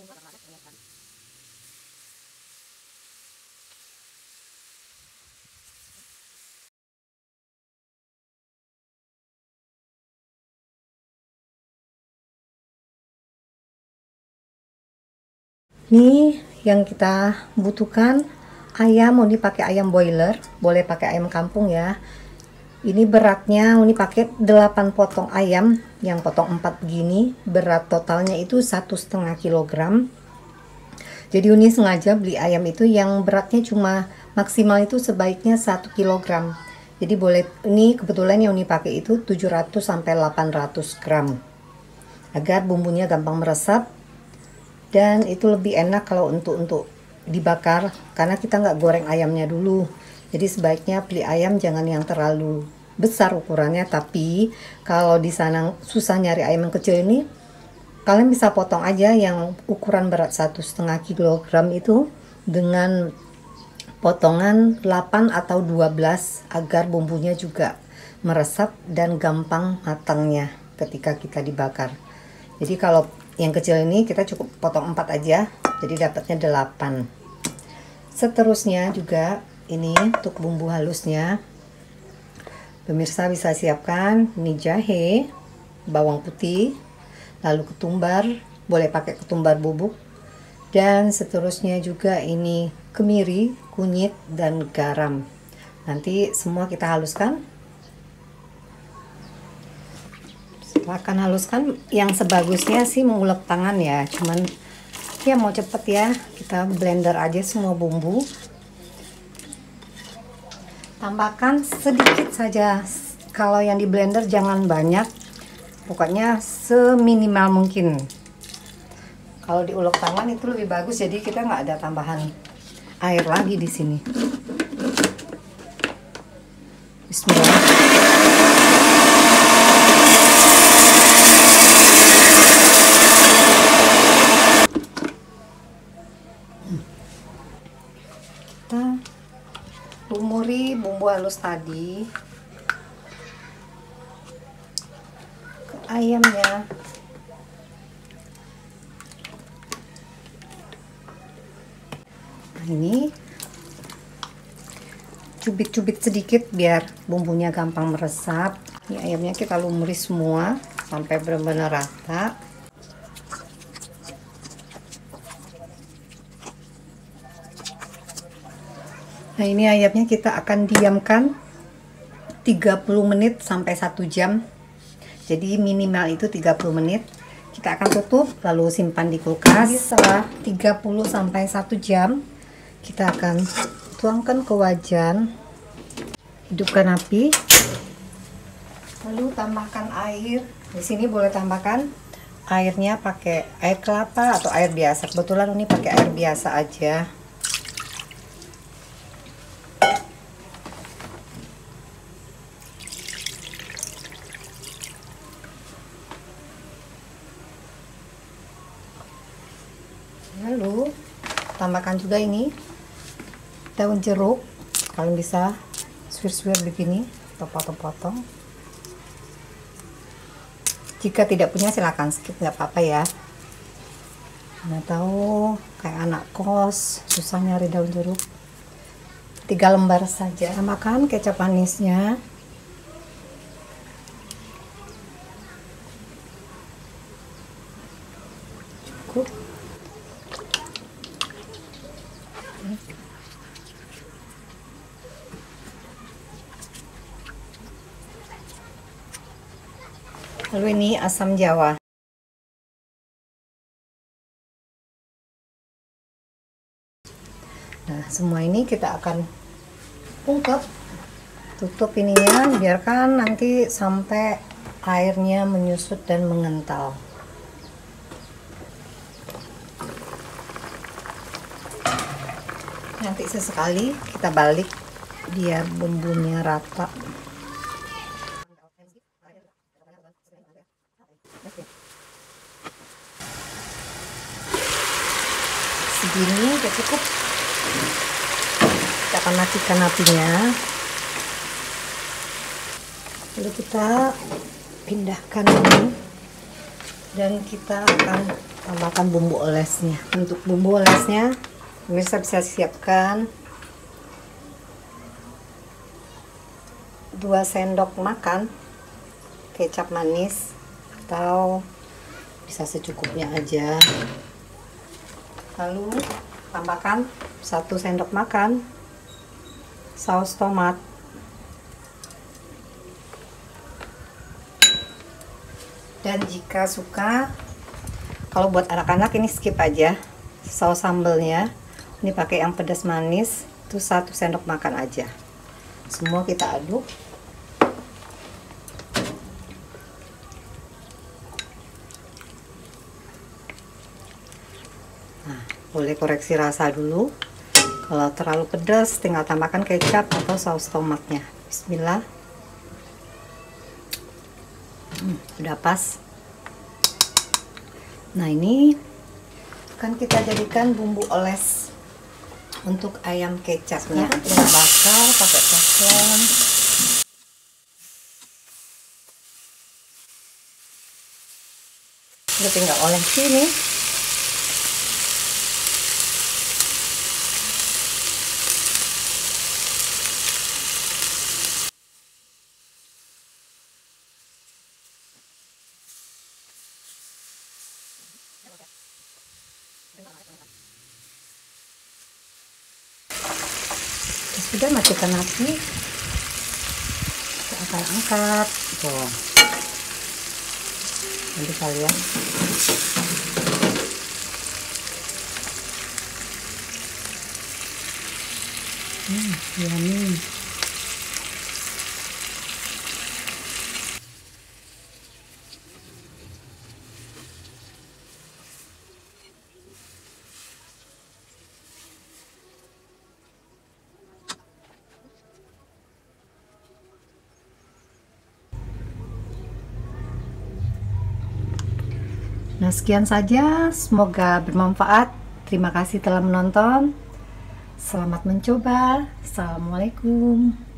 Kan? Ini yang kita butuhkan ayam mau dipakai ayam boiler, boleh pakai ayam kampung ya. Ini beratnya Uni pakai 8 potong ayam, yang potong 4 begini, berat totalnya itu satu setengah kilogram. Jadi Uni sengaja beli ayam itu yang beratnya cuma maksimal itu sebaiknya 1 kilogram. Jadi boleh ini kebetulan yang Uni pakai itu 700 sampai 800 gram. Agar bumbunya gampang meresap dan itu lebih enak kalau untuk untuk dibakar karena kita nggak goreng ayamnya dulu jadi sebaiknya beli ayam jangan yang terlalu besar ukurannya, tapi kalau di sana susah nyari ayam yang kecil ini, kalian bisa potong aja yang ukuran berat satu setengah kilogram itu dengan potongan 8 atau 12 agar bumbunya juga meresap dan gampang matangnya ketika kita dibakar. Jadi kalau yang kecil ini kita cukup potong 4 aja, jadi dapatnya 8. Seterusnya juga ini untuk bumbu halusnya pemirsa bisa siapkan ini jahe bawang putih lalu ketumbar boleh pakai ketumbar bubuk dan seterusnya juga ini kemiri kunyit dan garam nanti semua kita haluskan setelah akan haluskan yang sebagusnya sih mengulek tangan ya cuman ya mau cepet ya kita blender aja semua bumbu tambahkan sedikit saja kalau yang di blender jangan banyak pokoknya seminimal mungkin kalau diulek tangan itu lebih bagus jadi kita nggak ada tambahan air lagi di sini Bismillah lumuri bumbu halus tadi ke ayamnya nah ini cubit-cubit sedikit biar bumbunya gampang meresap ini ayamnya kita lumuri semua sampai benar-benar rata Nah ini ayamnya kita akan diamkan 30 menit sampai 1 jam Jadi minimal itu 30 menit Kita akan tutup lalu simpan di kulkas Jadi setelah 30 sampai 1 jam Kita akan tuangkan ke wajan Hidupkan api Lalu tambahkan air Di sini boleh tambahkan airnya pakai air kelapa atau air biasa Kebetulan ini pakai air biasa aja tambahkan juga ini daun jeruk kalian bisa swir-swir begini atau potong-potong jika tidak punya silahkan skip nggak apa-apa ya mana tahu kayak anak kos susah nyari daun jeruk tiga lembar saja makan kecap manisnya Lalu ini asam jawa. Nah, semua ini kita akan ungkep. Tutup ininya, biarkan nanti sampai airnya menyusut dan mengental. nanti sesekali kita balik biar bumbunya rata segini udah cukup kita akan matikan apinya lalu kita pindahkan ini dan kita akan tambahkan bumbu olesnya untuk bumbu olesnya bisa bisa siapkan 2 sendok makan kecap manis atau bisa secukupnya aja lalu tambahkan 1 sendok makan saus tomat dan jika suka kalau buat anak-anak ini skip aja saus sambelnya ini pakai yang pedas manis itu satu sendok makan aja semua kita aduk nah, boleh koreksi rasa dulu kalau terlalu pedas tinggal tambahkan kecap atau saus tomatnya bismillah hmm, udah pas nah ini kan kita jadikan bumbu oles untuk ayam kecapnya kita bakar pakai teflon udah tinggal oleh sini sudah matikan api kita akan angkat tuh nanti kalian hmm yummy Nah, sekian saja. Semoga bermanfaat. Terima kasih telah menonton. Selamat mencoba. Assalamualaikum.